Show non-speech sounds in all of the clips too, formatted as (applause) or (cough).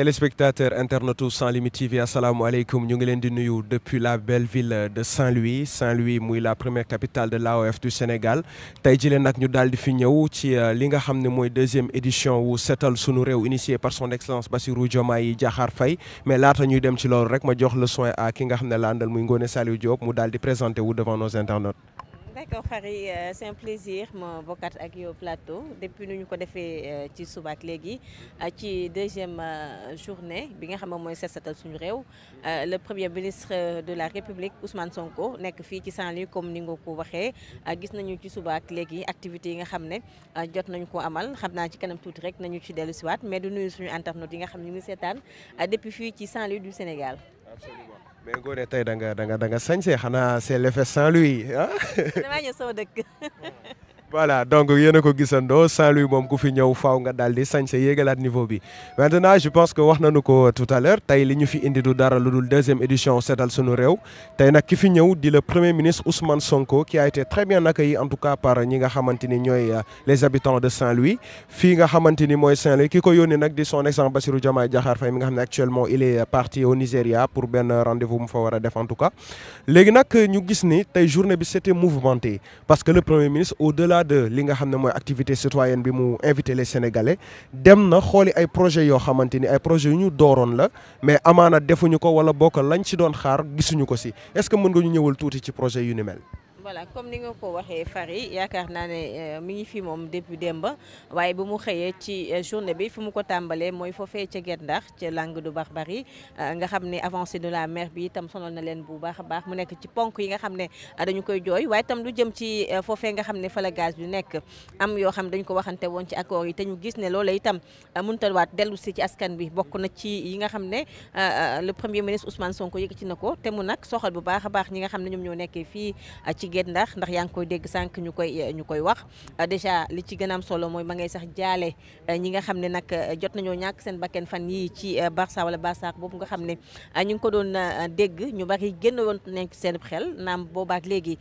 téléspectateurs internetu sans limite TV asalaamualeykum ñu ngi leen di nuyu depuis la belle ville de Saint-Louis Saint-Louis muy la première capitale de l'AOF du Sénégal tey jii leen nag ñu daal di fi ñëw ci euh, li nga xam ne mooy deuxième édition wu setal sunu réew initié par son excellence Bassirou Diomaye Diakhar Faye mais laata ñuy dem ci loolu rek ma jox le soin à ki nga xam ne la àndal muy Ngoné Saliou Diop mu daal di présenté wu devant nos internautes. d'accord Fary euh, c'est un plaisir ma bokkaat ak yow plateau depuis nu ñu ko defee euh, ci suba ak léegi euh, ci deuxième journée bi nga xam ne mooy set setal suñu réew le premier ministre de la République Ousmane Sonko nekk fii ci saint comme ni nga ko waxee gis nañu ci suba ak léegi activités yi nga xam ne jot nañu ko amal xam naa ci kanam tuuti rek nañu ci dellu siwaat mais du nuyu suñu internautes yi nga xam ne ñu ngi seetaan depuis fii ci saint du Sénégal mais Ngoné tey da nga da nga da nga xanaa c'est l'effet Saint-Louis ah. damaa ñëw sama dëkk. (laughs) voilà donc yéen a ko gisandoo Saint-Louis moom ku fi ñëw faaw nga daal di sañse yéegalaat niveau bi maintenant je pense que wax nañu ko tout à l'heure tey li ñu fi indi du dara lu dul deuxième édition seetal sunu réew tey nag ki fi ñëw di le premier ministre Ousmane Sonko qui a été très bien accueilli en tout cas par ñi nga xamante ni ñooy euh, les habitants de Saint-Louis fii nga xamante ni mooy Saint-Louis ki ko yónnee nag di son exemple Bassirou Diomaye Diakhar Faye mi nga xam euh, ni tey journée bi c'était mouvementé parce que le premier de li nga xam ne mooy activité citoyenne bi mu invité les sénégalais dem na xooli ay projet yoo xamante ni ay projet yu ñu dooroon la mais amaana defuñu ko wala bokk lañ ci doon xaar gisuñu ko si est-ce que mën nga ñu ñëwal tuuti ci projet yu ni mel. voilà comme ni nga ko waxee Fary yaakaar naa ne euh, mi ngi fi moom depuis demba waaye bu mu xëyee ci euh, journée bi fu mu ko tàmbalee mooy foofee ca Guet Ndar ca Langue de Barbarie euh, nga xam ne avancée de la mer bi itam sonal na leen bu baax baax mu nekk ci ponk yi nga xam ne dañu koy jooy waaye tam lu jëm ci foofee nga xam ne fa la gaz bi nekk am yoo xam dañu ko waxante woon ci accord yi te ñu gis ne loola itam mënutawaat dellu si ci askan bi bokk na ci yi nga xam ne le premier ministre Ousmane Sonko yëkkati na ko te mu nag soxal bu baax a baax ñi nga xam ne ñoom ñoo nekkee fii Guet ndax ndax yaa ngi koy dégg sànq ñu koy ñu koy wax déjà li ci gën a am solo mooy ba ngay sax jaale eh, ñi nga xam ne nag eh, jot nañoo ñàkk seen bakken fan yi ci eh, Barça wala Barça boobu nga xam ne ñu ngi ko doon dégg ñu bari génn woon nañ seen xel naam boobaak léegi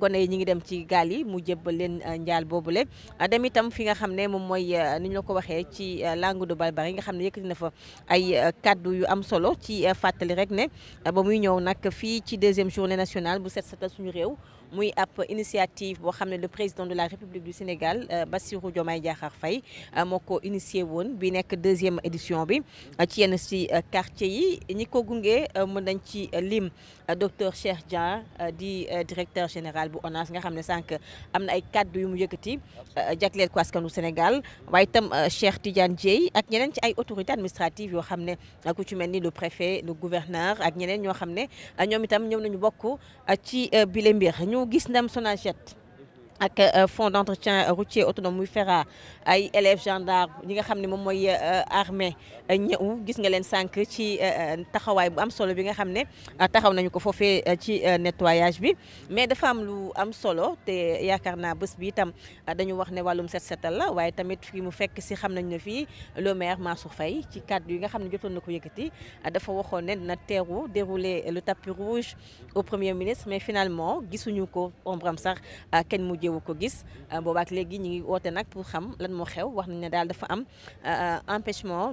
gone yi ñi ngi dem ci gaal yi mu jébbal leen njaal boobu boobule dem itam fi nga xam ne moom mooy ni ñu la ko waxee ci langue de Barbarie nga xam ne yëkkati na fa ay kaddu yu am solo ci fàttali rek ne ba muy ñëw nag fii ci deuxième journée national bu set setal suñu réew muy ab initiative boo xam ne le président de la République du Sénégal euh, Bassirou Diomaye Diakhar Faye euh, moo ko initié woon bi nekk deuxième édition bi euh, ci yenn si quartier yi ñi ko gunge mën nañ ci lim docteur Cheikh Dieng di directeur général bu ONAS nga xam ne sànq am na ay kàddu yu mu yëkkati jagleel ko askanu Sénégal waaye itam Cheikh Tidiane Dieye ak ñeneen ci ay autorités administratives yoo xam ne ku ci mel ni le préfet le gouverneur ak ñeneen ñoo xam ne ñoom itam ñëw nañu bokk ci bile ñu gis ndem Sonaged ak euh, fonds d'entretien routier autonome muy FERA ay élèves gendarme ñi nga xam ne moom mooy euh, armée ñëw gis nga leen sànq ci euh, euh, taxawaay bu am solo bi nga xam ne euh, taxaw nañu ko foofee ci nettoyage bi mais dafa am lu am solo te yaakaar naa bés bi itam dañu wax ne wàllum set setal la waaye tamit fii mu fekk si xam nañ ne fii le maire Mansour Faye ci kàddu yi nga xam ne jotoon na ko yëkkati dafa waxoon ne na teeru dérouler le tapis rouge au premier ministre mais finalement gisuñu ko ombram sax kenn mujjewu ko gis boobaak léegi ñu ngi woote nag pour xam lan moo xew wax nañ ne daal dafa am empêchement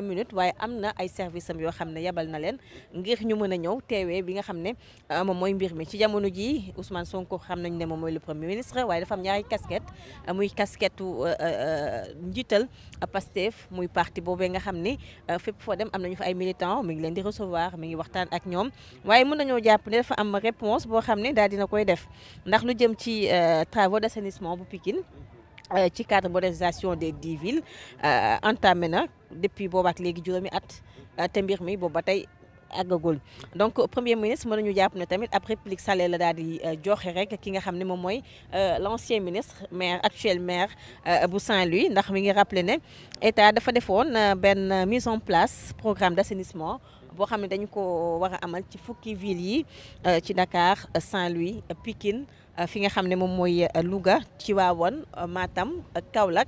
dernière waaye am na ay service am yoo xam ne yabal na leen ngir ñu mën a ñëw teewee bi nga xam ne euh, moom mooy mbir mi ci jamono jii Ousmane Sonko xam nañ ne moom mooy le premier ministre waaye dafa am ñaari casquette euh, muy casquettu euh, njiital Pastef muy parti boobee nga xam ni fépp foo dem am nañu fa ay militants mi ngi leen di recevoir mi ngi waxtaan ak ñoom waaye mën nañoo jàpp ne dafa am réponse boo xam ne daal dina koy def ndax lu jëm ci travaux d'assainissement bu Pikine Euh, ci cadre modernisation des dix villes euh, entamé na depuis boobaak léegi juróomi at euh, te mbir mi boobu ba tey àggagul donc premier ministre na ñu jàpp ne tamit ab réplique salée la daal di joxe rek ki nga xam ne moom mooy l' ancien ministre maire actuel maire bu Saint-Louis ndax mi ngi rappelé ne état dafa defoon benn mise en place programme d' assainissement boo xam ne dañu ko war a amal ci fukki ville yi ci Dakar Saint-Louis Pikine Euh, fi nga xam ne moom mooy euh, Louga maatam euh, Matam Kaolack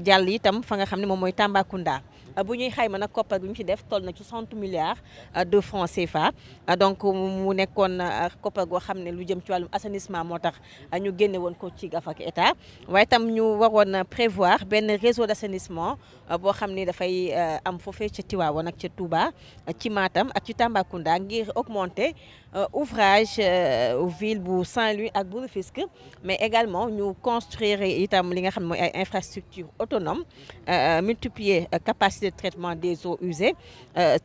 jàll itam fa nga xam ne moom mooy Tambacounda bu ñuy ma nag koppar gu ñu ci def toll na ci 60 milliards de francs CFA donc mu nekkoon koppar goo xam ne lu jëm ci wàllu assainissement moo tax ñu génne woon ko ci gafak état waaye tam ñu waroon prévoir benn réseau d'assainissement boo xam ne dafay am foofee ca Tivaouane ak ca Touba ci maatam ak ci Tambacounda ngir augmenter Euh, ouvrage euh, ville bu saint ak bu mais également ñu construire itam li nga xam ne mooy ay infrastructure autonome euh, multiplier capacité de traitement des eaux usées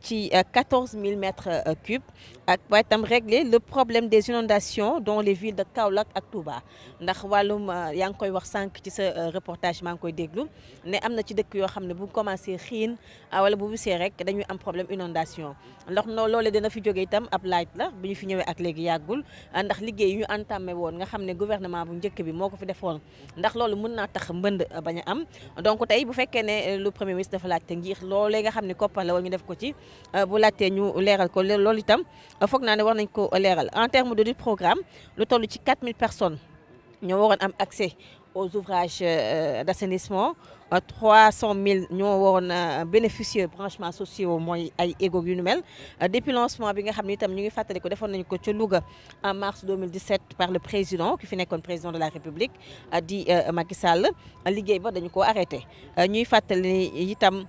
ci 14 000 mètres cubes ak waaye itam régler le problème des inondations dans les villes de Kaolack ak Touba ndax wàllum yaa ngi koy wax sànq ci sa reportage maa ngi koy déglu ne am na ci dëkk yoo xam ne bu commencé xiin wala bu bisee rek dañuy am problème inondation ndox loolee fi jóge itam ab laaj fi ñëwee ak léegi yàggul ah, ndax liggéey yu ñu entamé woon nga xam ne gouvernement bu njëkk bi moo ko fi defoon ndax loolu mën naa tax mbënd ah, bañ a am donc tey bu fekkee ne eh, lu premier ministre dafa laajte ngir loolee nga xam ne koppar la war ñu def ko ci ah, bu laajtee ñu leeral ko loolu itam foog naa ne war nañ ko leeral en terme de di programme lu toll ci 4000 personnes ñoo waroon am accès aux ouvrages euh, d'assainissement 300 euh, 000 ñoo waroon euh, bénéficier branchement sociaux mooy ay égo yu nu mel depuis lancement bi nga xam ne itam ñu ngi fàttali ko defoon nañu ko ci Louga en mars 2017 par le président ki fi nekkoon président de la République di Macky Sall liggéey ba dañu ko arrêté ñuy fàttali itam.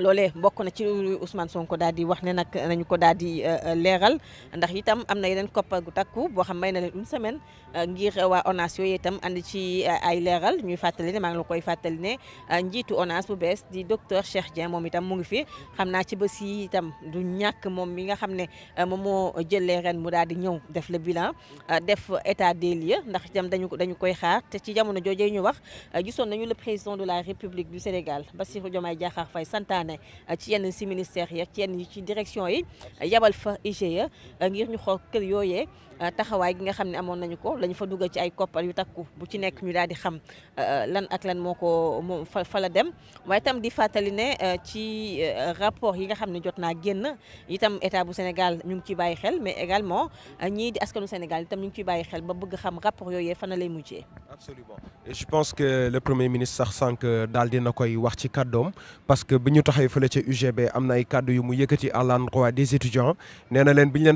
loolee mbokk na ci Ousmane Sonko daal di wax ne nag nañu ko daal di euh, euh, leeral ndax itam am na yeneen koppar gu takku boo xam may na leen une semaine euh, ngir waa ONAS yooyu itam andi ci ay leeral ñuy fàttali ne maa nga la koy fàttali ne njiitu ONAS bu bees di docteur Cheikh Dieng moom itam mu ngi fi xam naa ci bés yi itam du ñàkk moom mi nga xam ne moom moo jëlee ren mu daal di ñëw def le bilan def état des lieux ndax itam dañu dañu koy xaar te ci jamono joojee ñu wax gisoon nañu le président de la République du Sénégal Bassirou Diomaye Diakhar waxtaane ci yenn si ministère yi ak yenn yi ci direction yi yabal fa IGE ngir ñu xool kër yooyee Euh, taxawaay gi nga xam ne amoon nañu ko lañu fa dugal ci ay koppar yu takku bu ci nekk ñu daal di xam euh, euh, lan ak lan moo ko moo fa la dem waaye tam di fàttali ne ci rapport yi nga xam ne jot naa génn tam état bu Sénégal ñu ngi ci bàyyi xel mais également ñii di askanu Sénégal itam ñu ngi ciy bàyyi xel ba bëgg xam rapport yooyu fan lay mujjee. absolument et je pense que le premier ministre sax sànq daal dina koy wax ci kàddoom parce que bi ñu taxee fële ca UGB am na ay kàddu yu mu yëkkati à l'endroit des étudiants nee na leen bi ñu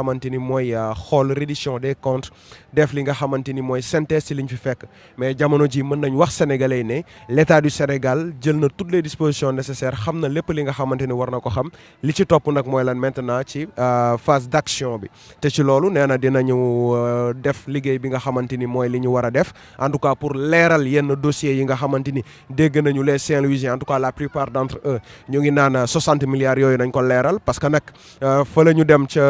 xamante ni mooy euh, xool reddition des comptes def li xamante ni mooy synthèse ci liñ fi fekk mais jamono ji mën nañ wax sénégalais ne l'état du Sénégal jël na toutes les dispositions nécessaires xam na lépp li nga xamante ni war na ko xam li topp nag mooy lan maintenant ci euh, phase d'action bi te ci loolu nee na dinañu euh, def liggéey bi nga xamante ni mooy li ñu war a def en tout cas pour leeral yenn dossiers yi nga xamante ni dégg nañu les saint en tout cas la plupart d'entre eux ngi naan 60 milliards yooyu nañ ko leeral parce que nag fa la dem ca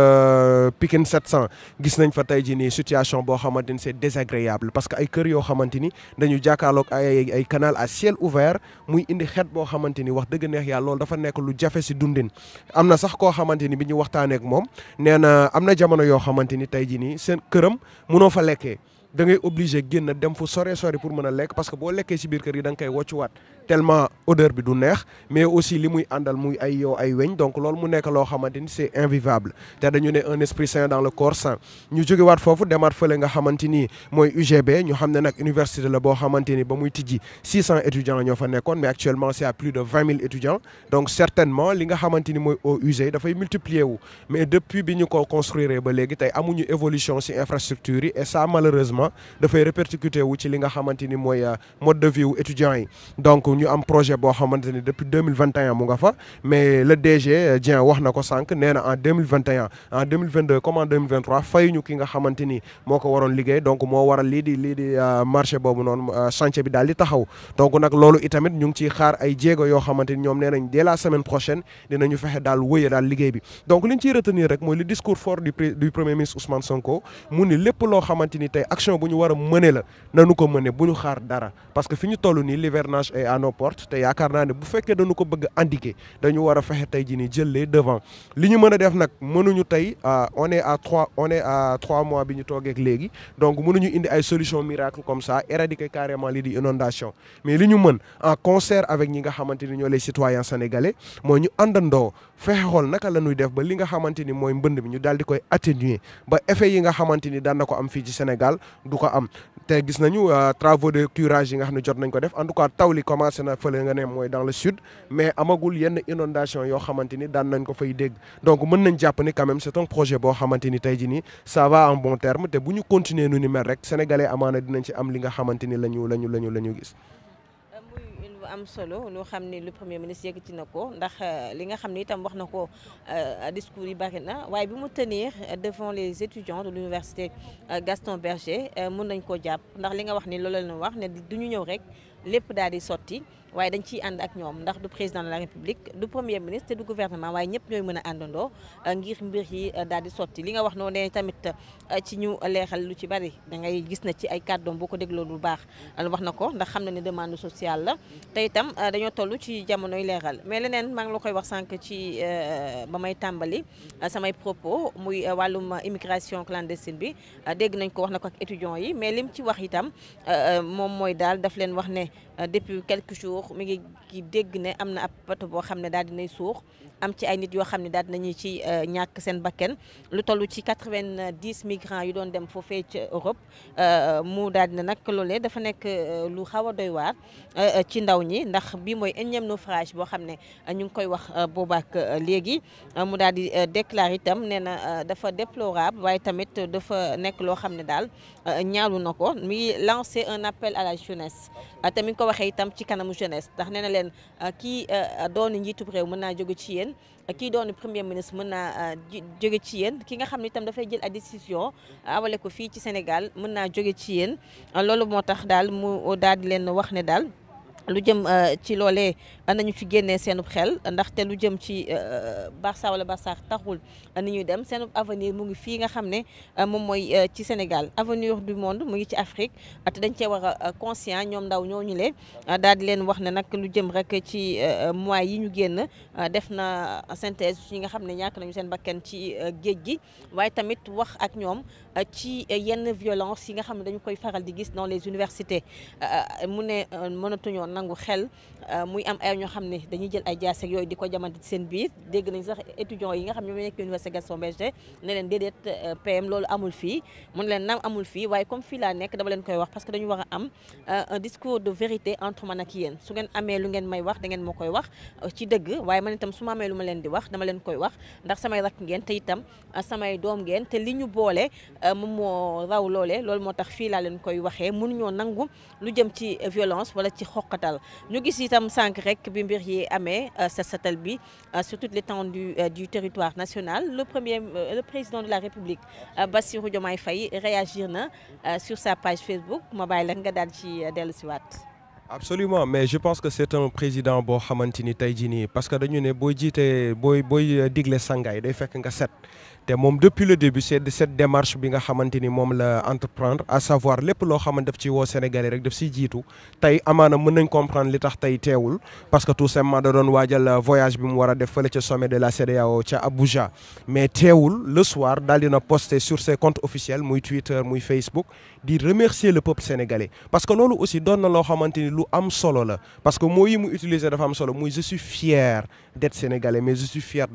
Pikine 700 gis nañ fa tey ji nii situation boo xamante ni c'est désagréable parce que ay kër yoo xamante ni dañu jàkkaarloog ay ay canal ciel ouvert muy indi xet boo xamante ni wax dëgg neex yàlla loolu dafa nekk lu jafe si dundin am na sax koo xamante ni bi ñu waxtaanee ak moom nee na am na jamono yoo xamante ni tey jii nii seen këram munoo fa lekkee da ngay obligé génn dem fu sore sori pour mën a lekk parce que boo lekkee si biir kër yi da nga koy woccuwaat tellement odeur bi du neex mais aussi li muy àndal muy ay yow ay weñ donc loolu mu nekk loo xamante ni c'est invivable te dañu ne un esprit sain dans le corps sain ñu jógewaat foofu demaat fële nga xamante ni mooy UGB ñu xam ne nag université la boo xamante ni ba muy tijji six cent étudiants ñoo fa nekkoon mais actuellement c'est à plus de vingt mille étudiants donc certainement li nga xamante ni mooy eaux usées dafay multiplier wu mais depuis bi ñu ko construire ba léegi tey amuñu évolution ci infrastructure yi et ça dafay répercuter wu ci li nga xamante ni mooy euh, mode de vie wu yi ñu am projet boo xamante ni depuis deux mille vingt et un mu nga fa mais le DG euh, Dieng wax na ko sànq nee en en comme en deux euh, euh, bi daal di taxaw nag loolu itamit ñu ngi xaar ay jéego yoo xamante ñoom nee nañ dès la semaine prochaine dinañu fexe daal wëye daal liggéey bi donc liñ ciy retenir rek mooy le discours fort du premier ministre Ousmane Sonko mu ni lépp loo xamante tey action bu ñu war a mëne la nanu ko mëne bu ñu xaar dara parce que fi ñu toll nii l'hivernage aéroport te yaakaar naa ne bu fekkee dañu ko bëgg a indiquer dañu war fexe tey jii ni jël les devant li ñu mën a def nag mënuñu tey euh, on est à trois on trois mois bi ñu toogeeg léegi donc mënuñu indi ay solution miracle comme ça éradiquer carrément lii di inondation mais li ñu mën en concert avec ñi nga xamante ni ñoo les citoyens sénégalais mooy ñu àndandoo fexe xool naka la def ba li nga xamante ni mooy mbënd bi ñu daal di koy atténuer ba effet yi nga xamante ni daan na ko am fii ci Sénégal du ko am te gis nañu euh, travaux de curage yi nga xam ne jot nañ ko def en tout cas taw li commencé na fële nga ne mooy dans le sud mais amagul yenn inondation yoo xamante ni daan nañ ko fay dégg donc mën nañ jàpp ni quand même c'est projet boo xamante ni tey jii nii ça en bon te bu ñu continuer nu ni mel rek sénégalais amaana dinañ ci am li nga xamante ni la ñu la ñu la ñu la ñu gis am solo loo xam ni le premier ministre ci na ko ndax euh, li nga xam ni itam wax na ko euh, discours yi bari na waaye bi mu tenir devant les étudiants de l'université euh, Gaston Berger mën nañ ko jàpp ndax li nga wax ni loolu la ñu wax ne du ñu ñëw rek lépp daal di sotti. waaye dañ ciy ànd ak ñoom ndax du président de la république du premier ministre te du gouvernement waaye ñëpp ñooy mën a àndandoo euh, ngir mbir yi euh, daal di sotti li nga wax noonu ne tamit euh, ci ñu leexal lu ci bari da ngay gis na ci ay kàddoom boo ko dégloo lu baax la wax na ko ndax xam na ne demande sociale la te itam dañoo toll ci jamonoy leeral mais leneen maa ngi la koy wax sànq ci ba may tàmbali samay propos muy wàllum immigration clandestine bi dégg nañ ko wax na ko ak yi mais lim ci wax itam moom mooy daal daf leen wax ne depuis quelques suux mi ngi dégg ne am na ab bato boo xam ne daal dinay suux am ci ay nit yoo xam ne daal dinañu ci euh, ñàkk seen bakken lu tollu ci quatre-vingt-dix migrants yu doon dem foofee ci Europe euh, mu daal dina nag loolee dafa nekk euh, lu xaw a doy waar ci ndaw ñi ndax bii mooy énième naufrage boo xam ne ñu ngi koy wax boobaak léegi mu daal di déclaré itam nee na dafa déplorable waaye tamit dafa nekk loo xam ne daal Euh, ñaalu na ko mi ngi un appel à la jeunesse euh, te mi ngi ko waxee itam ci kanamu jeunesse ndax nee na leen euh, kii doon njiitu réew mën naa jóge ci yéen kii doon premier ministre mën naa jóge ci yéen ki nga xam ne itam dafay jël a décision awale ko fii ci Sénégal mën naa jóge ci yéen loolu moo tax daal mu daal di leen wax ne daal lu jëm ci loolee nañu ci génnee seenub xel ndaxte lu jëm ci euh, Barça wala Barça taxul ni ñuy dem seenub avenir mu ngi fii nga xam ne euh, moom mooy euh, ci Sénégal avenir du monde mu ngi ci Afrique te dañ cee war a conscient ñoom ndaw ñoo ñu le daal di leen wax ne nag lu jëm rek ci mois yi ñu génn def na synthèse ñi nga xam ne ñàkk nañu seen kenn ci géej gi waaye tamit wax ak ñoom ci yenn violence yi nga xam ne dañu koy faral di gis dans les universités mu ne mënatuñoo nangu xel ñoo xam ne dañuy jël ay jaas yooyu di ko jamante seen biir dégg nañ sax étudiants yi nga xam ñoom ñoo nekk université Gaston Berger ne leen déedéet euh, PM loolu amul fii mun leen naam amul fii waaye comme fii laa nekk dama leen koy wax parce que dañu war am euh, un discours de vérité entre man ak yéen su ngeen amee lu ngeen may wax da ngeen ma koy wax euh, ci dëgg waaye man itam su ma amee lu ma leen di wax dama leen koy wax ndax samay rakk ngeen te itam li ñu boole moom moo raw loole loolu moo tax fii laa leen koy waxee mënuñoo nangu lu jëm ci violence wala ci xoqatal ñu gis bi mbir yi amee set euh, setal bi euh, sur toute l'étendue euh, du territoire national le premier le président de la République Bassirou Diomaye fay réagir na sur sa page Facebook ma bàyyi la nga dal ci dellu si waat absolument mais je pense que c'est un président boo xamante ni tey ji nii parce que dañu ne booy jiitee booy booy digle sangaay day fekk nga set te moom depuis le début c'est de cette démarche bi nga xamante ni moom la entreprendre à savoir lépp loo xamante daf ci woo Sénégalais rek daf siy jiitu tey amaana mën nañ comprendre li tax tey teewul parce que tout simplement da doon waajal voyage bi mu war a def fële ca sommet de la CEDEAO ca Abuja mais teewul le soir daal dina posté sur ses comptes officiels muy Twitter muy Facebook di remercier le peuple sénégalais parce que loolu aussi doon na loo xamante ni lu am solo la am solo muy je suis fier d'être sénégalais mais je suis fier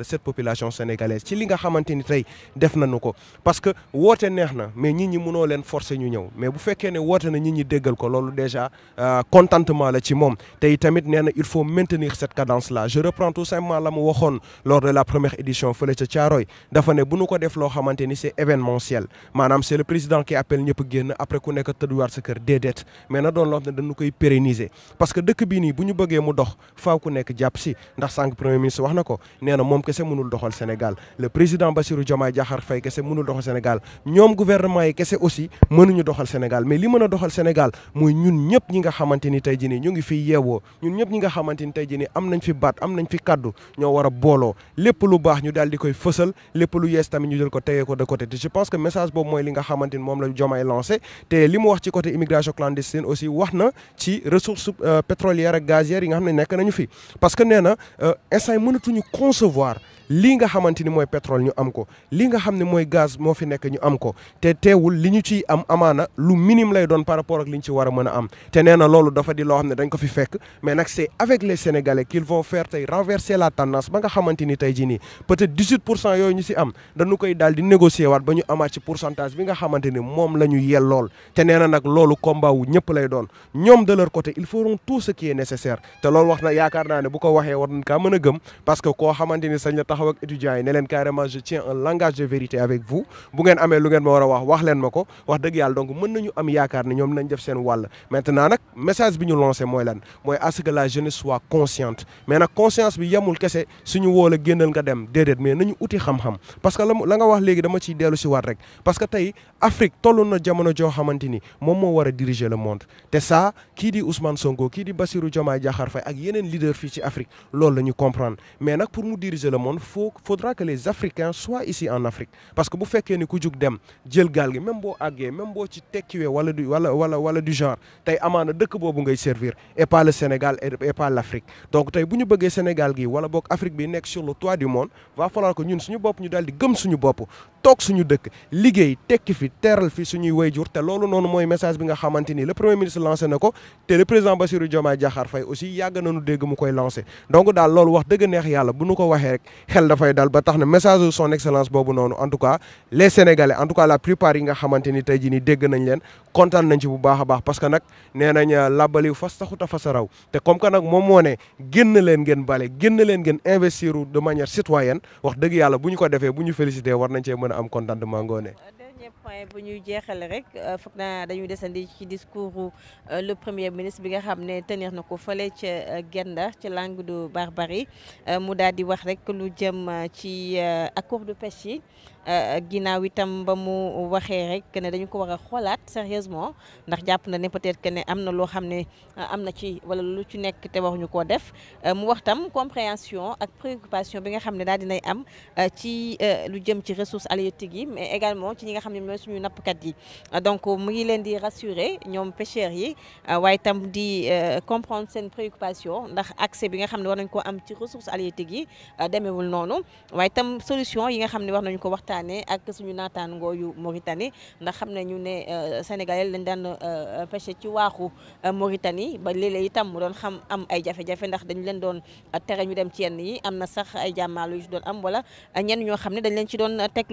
tey def nañu ko parce que woote neex na mais nit ñi mënoo leen forcer ñu ñëw mais bu fekkee ne woote na nit ñi déggal ko loolu déjà euh, contentement la ci moom tey tamit nee na il faut maintenir cette cadence là je reprends tout simplement la mu waxoon lors de la première édition fële ca Thiaroye dafa ne bu nu ko def loo xamante ni c'est événementiel maanaam c'est le président qui appelle ñëpp génn après ku nekk tëdduwaat sa kër déedéet mais na doon loo xam bu ñu bëggee mu dox faaw ku nekk jàpp si wax na ko na moom kese mënul doxal Sénégal Diomaye Diakhar Faye kese mënul doxal Sénégal ñoom gouvernement yi kese aussi mënuñu doxal Sénégal mais li mën a doxal Sénégal mooy ñun ñëpp ñi nga xamante ni tey jii nii ñu ngi fi yeewoo ñun ñëpp ñi nga xamante ni tey jii nii am nañ fi baat am nañ fi kaddu ñoo war a booloo lépp lu baax ñu daal di koy fësal lépp lu yees tamit ñu jël ko tegee ko de côté te je pense que message boobu mooy li nga xamante moom la Diomaye lancé te li mu wax ci côté immigration clandestine lii nga xamante ni mooy pétrole ñu am ko lii nga xam ne mooy gaz moo fi nekk ñu am ko te teewul li ñu ciy am amaana lu minime lay doon par rapport ak li ñu ci war a mën a am te nee loolu dafa di loo xam ne ko fi fekk mais nag c'est avec les sénégalais qu'ils vont faire tey renverser la ni tey jii nii peut-être 18 pour cent yooyu ñu si dañu koy daal di négocier waat ba ñu amaat ci pourcentage bi nga xamante ni moom la ñu yel lool te nee nag loolu combat ñëpp lay doon ñoom de leur côté ils feront tout ce qui est nécessaire te loolu wax na yaakaar naa ne bu ko waxee war nañ taxaw ak étudiants yi ne leen carrément je un langage de vérité avec vous bu amee lu ma war a wax wax ma ko wax dëgg yàlla donc mën nañu am yaakaar ne ñoom nañ def seen wàll maintenant nag message bi ñu lancé mooy lan mooy à que la jeunesse soit consciente mais nag conscience bi yemul kese suñu woo la génnal nga dem déedéet mais nañu uti xam-xam parce que la nga wax léegi dama ciy dellu si waat rek parce que tey Afrique toll na jamono moo war a diriger le monde te ça kii di Ousmane Sonko kii foo faudra que les Africains soient ici en Afrique parce que bu fekkee ni ku jug dem jël gaal gi même boo àggee même boo ci tekkiwee wala du wala wala wala du genre tey amaana dëkk boobu ngay servir et Sénégal et pas donc tey bu ñu bëggee Sénégal gi wala boog Afrique bi nekk sur le toit du monde va falloir ko ñun suñu bopp ñu daal di gëm suñu bopp toog suñu dëkk liggéey tekki fi teeral fi suñuy wayjur te loolu noonu mooy message bi nga xamante ni premier ministre lancé na ko te le président Bassirou Diomaye Diakhar Faye aussi yàgg nañu dégg mu koy lancé donc daal loolu wax dëgg neex yàlla bu nu ko waxee rek xel dafay dal ba tax na message son excellence boobu noonu en tout cas les sénégalais en tout cas la plupart yi nga xamante ni tey jii dégg nañ leen kontaan nañ ci bu baax a a am contentement ngoone euh, dernier point bu ñuy jeexale rek euh, foog naa dañuy desandi ci discours euh, le premier ministre bi nga xam ne tenir na ko fële ca Genda ci langue de Barbarie mu daal di wax rek lu jëm ci accord de pêche yi Euh, ginnaaw itam ba mu waxee rek ne dañu ko war a xoolaat sérieusement ndax jàpp na ne peut-être que ne am na loo xam ne euh, am na ci wala lu ci nekk te waruñu koo def euh, mu wax tam compréhension ak préoccupation bi nga xam ne daal dinay am ci lu jëm ci ressources halieutiques yi mais également ci ñi nga xam ne mooy suñu nappkat yi donc mu ngi leen di rassurer ñoom pêcheurs yi waaye tam di comprendre seen préoccupation ndax accès bi nga xam ne war nañ ko am ci ressources halieutiques yi demeewul noonu waxtaanee ak suñu naataangoo yu Mauritanie ndax xam ne ñu euh, ne sénégalais lañ daan euh, pêché ci waaxu euh, Mauritanie ba léeg-léeg itam mu doon xam am ay jafe ndax dañu leen doon tere ñu dem ci yenn yi am na sax ay yu ci doon am wala ñenn ñoo xam ne dañ leen ci doon teg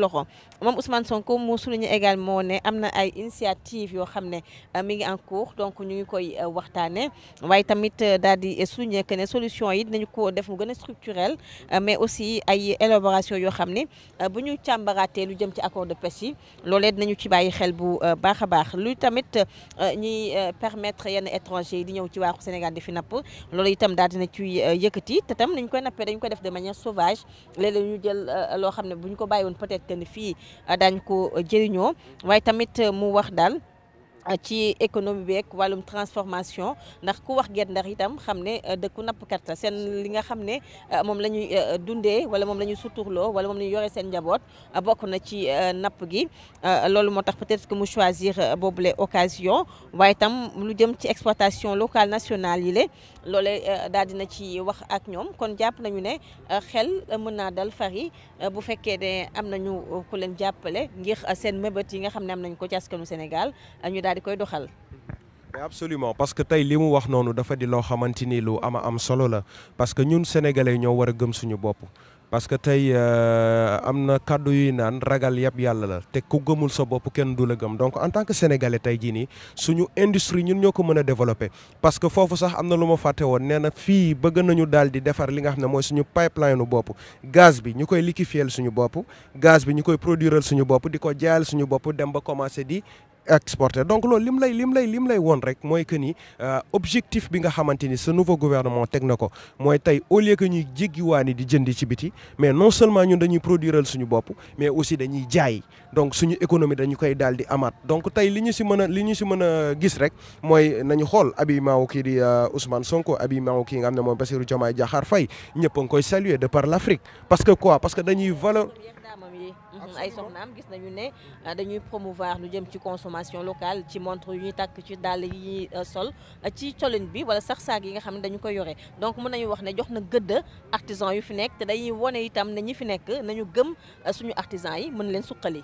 moom Ousmane Sonko mu souligné également ne am na ay initiative yoo xam ne mi ngi en cours donc ñu ngi koy waxtaanee waaye tamit daal di souligné que ne solution yi dinañu ko def mu gën a structurel mais aussi ay élaboration yoo xam ne bu ñu càmbar càmbaraatee lu jëm ci accord de pêche yi loolee dinañu ci bàyyi xel bu euh, baax a baax luy tamit euh, ñuy euh, permettre yenn étrangers yi di ñëw ci waaxu Sénégal di fi napp loolu itam daal ci ciy yëkkati te tam nañ koy nappee dañ ko def de manière sauvage léeg-léeg ñu jël loo xam ne bu ñu ko bàyyi woon peut-être fii daañu ko jëriñoo waaye tamit mu wax daal Ah, ci économie bi ak wàllum transformation ndax ku wax Guet ndax itam xam ne euh, dëkku nappkat la seen li nga xam ne euh, moom la ñuy euh, dundee wala moom lañuy ñuy suturloo wala moom la ñuy seen njaboot bokk na ci napp gi loolu moo tax peut-être que mu choisir boobule occasion waaye tam lu jëm ci exploitation locale nationale yi la loolee daal dina ci wax ak ñoom kon jàpp nañu ne xel mën naa dal fari bu fekkee de am nañu ku leen jàppale ngir seen mébét yi nga xam ne am nañ ko ci Sénégal daal koy doxal. mais parce que tey li mu wax noonu dafa di loo xamante ni lu ama am solo la parce que ñun sénégalais ñoo war a gëm suñu bopp. parce que tey euh, am na kàddu yuy naan ragal yëpp yàlla la te ku gëmul sa bopp kenn du la gëm donc en tant que sénégalais tey jii nii suñu industrie ñun ñoo ko mën a développé. parce que foofu sax am na lu ma fàtte woon nee na fii bëgg nañu daal di defar li nga xam ne mooy suñu pipeline bopp gaz bi ñu koy liquéfier suñu bopp gaz bi ñu koy produiral suñu bopp di ko jaayal suñu bopp dem ba commencé di exporter donc loolu lim lay lim lay lim lay woon rek mooy que ni euh, objectif bi nga xamante ni ce nouveau gouvernement teg na ko mooy tey au lieu que ñuy jéggiwaani di jëndi ci biti mais non seulement ñun dañuy produiral suñu bopp mais aussi dañuy jaay donc suñu économie dañu koy daal di amaat donc tey li ñu si mën a li ñu si mën a gis rek mooy nañu xool abi wu kii di euh, Ousmane Sonko habillement wu kii nga xam ne si Bassirou Diomaye Diakhar fay ñëpp a koy saluer de par l'Afrique parce que quoi parce ay soxnaam gis nañu ne ah, dañuy promouvoir lu jëm ci consommation locale ci montre yu ñuy takk ci dàll yi euh, sol ci colin bi wala sax saak yi nga xam ne dañu ko yore donc mën nañu wax ne jox na gëdd artisan yu fi nekk te dañuy wone itam ne ñi fi nekk nañu gëm euh, suñu artisan yi mën leen suqali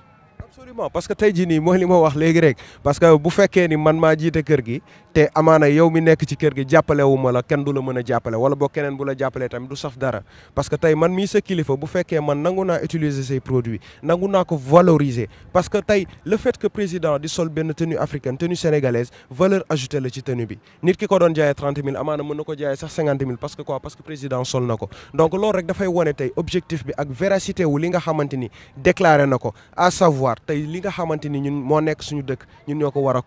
absolument parce que tey jii nii mooy li ma wax léegi rek parce que bu fekkee ni man maa jiite kër gi te amaana yow mi nekk ci kër gi jàppale wu ma la kenn du la mën a jàppale wala boo keneen bu la jàppalee tamit du saf dara parce que tey man mii sa kilifa bu fekkee man nangu naa utiliser say produits nangu naa ko valoriser parce que tey le fait que président di sol benn tenue africaine tenue sénégalaise valeur ajoutée la ci tenue bi nit ki ko doon jaayee trente mille amaana mën na ko jaayee sax cinquante mille parce que quoi parce que président sol na ko donc loolu rek dafay wone tey li nga xamante ni déclaré na ko à savoir tey li nga xamante ni ñun moo nekk suñu dëkk ñun ñoo ko war a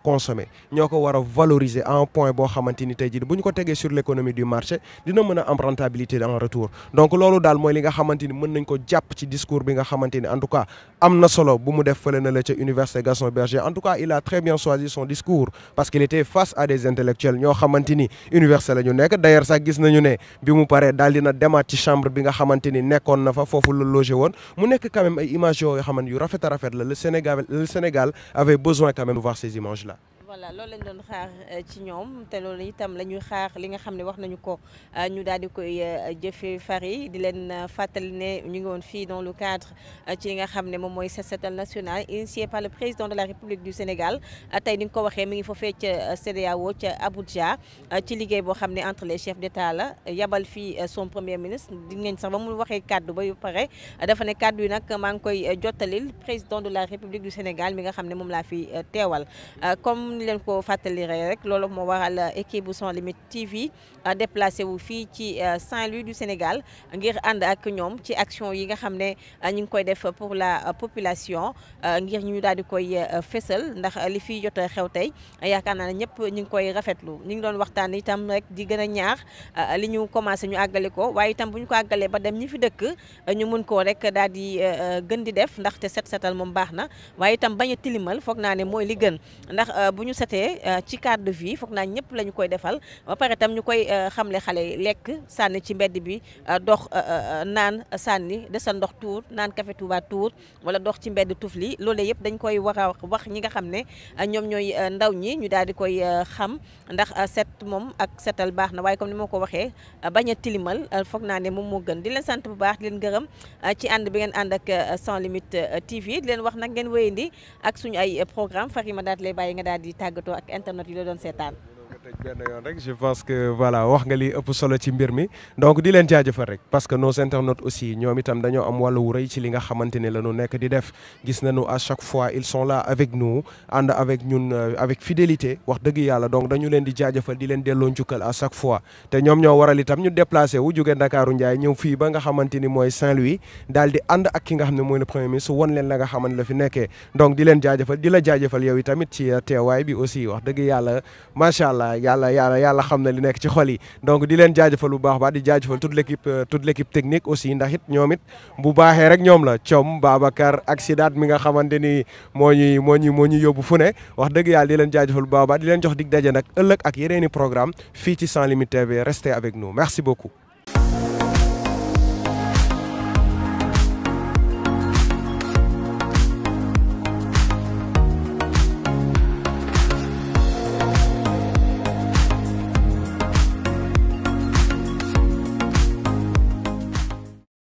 ñoo ko war a valoriser à un point boo xamante ni tey jii bu ñu ko tegee sur l'économie du marché dina mën a am rentabilité en retour donc loolu daal mooy li nga xamante ni mën nañ ko jàpp ci discours bi nga xamante ni en tout cas am na solo bu mu def fële na la ca université Gaston Berger en tout cas il a très bien choisi son discours parce qu'il était face à des intellectuels ñoo xamante nekk gis nañu ne bi mu paree dina demaat ci bi nga xamante ni nekkoon na fa foofu la logé woon nekk quand même ay images yu rafet a rafet Sénégal, le Sénégal avait besoin quand même de voir ces images-là. voilà loolu lañ doon xaar euh, ci ñoom te loolu itam la ñuy xaar li nga xam ne wax nañu ko euh, ñu daal di koy euh, jëfe fari di leen fàttali ne ñu ngi woon fii dans le cadre ci li nga xam ne moom mooy set setal national initié par le président de la République du Sénégal tey ni nga ko waxee mi ngi foofee ca CEDEAO ca Abuja ci liggéey boo xam ne entre les chefs d'État la yabal fii son di ngeen sax ba mu waxee kàddu ba yu pare dafa ne kàddu nag maa ngi koy jottalil président de la République du Sénégal mi nga xam ne moom laa fi teewal comme ñu leen ko fàttali rek loolu moo waral euh, équipe bu Sans Limite TV euh, déplacé wu fii ci euh, Saint-Louis du Sénégal ngir ànd ak ñoom ci action yi nga xam ne ñu ngi koy def pour la population ngir ñu daal di koy fésal ndax li fi jot xew tey yaakaar naa ne ñëpp ñu ngi koy rafetlu ñu ngi doon waxtaan itam rek di gën a ñaax li ñu commencé ñu àggale ko waaye itam bu ñu ko àggalee ba dem ñi fi dëkk ñu mun koo rek daal di gën di def ndaxte set setal moom baax na waaye itam foog naa ne mooy li gën ñu setee euh, ci cadre de vie foog naa ñëpp la ñu koy defal ba pare tam ñu koy euh, xamle xale yi lekk sànni ci mbedd bi euh, dox naan sànni de sa ndox tuur naan café Touba tuur wala dox ci mbedd tuuf tufli loole yëpp dañ koy war a wax ñi nga xam ne ñoom ñooy ndaw ñi ñu daal di koy xam ndax set moom ak setal baax na waaye comme ni ma ko waxee bañ a tilimal foog naa ne moom moo gën di leen sant bu baax di leen gërëm ci ànd bi ngeen ànd ak sans limite TV di leen wax nag ngeen wéyandi ak suñu ay programme Farima daal di lay bàyyi nga daal di tàggatoo ak internet yi la seetaan. benn yoon rek je pense que voilà wax nga li ëpp solo ci mbir mi donc di leen jaajëfal rek parce que nos internautes aussi ñoom itam dañoo am wàllu wu rëy ci li nga xamante ne la ñu nekk di def gis nañu à chaque fois ils sont là avec nous ànd avec ñun euh, avec fidélité wax dëgg yàlla donc dañu leen di jaajëfal di leen delloo njukkal à chaque fois te ñoom ñoo waral itam déplacé wu jóge Ndakaaru Ndiaye ñëw fii ba nga xamante ni mooy Saint-Louis daal di ànd ak ki nga xam ne mooy le premier ministre won leen la nga xamante la fi nekkee donc di leen jaajëfal di la jaajëfal yow itamit ci euh, teewaay bi aussi wax dëgg yàlla macha allah yàlla yàlla yàlla xam na li nekk ci xol yi donc di leen jaajëfal bu baax baax di jaajëfal toute l'équipe euh, toute l'équipe technique aussi ndax it it bu baaxee rek ñoom la Thiom Babacar ak Sidaat mi nga xamante ni moo ñuy moo ñuy moo ñuy yóbbu fu ne wax dëgg yàlla di leen jaajëfal bu baax di leen jox dig daje nag ëllëg ak yeneeni programme fii ci Sans Limites TV restez avec nous merci beaucoup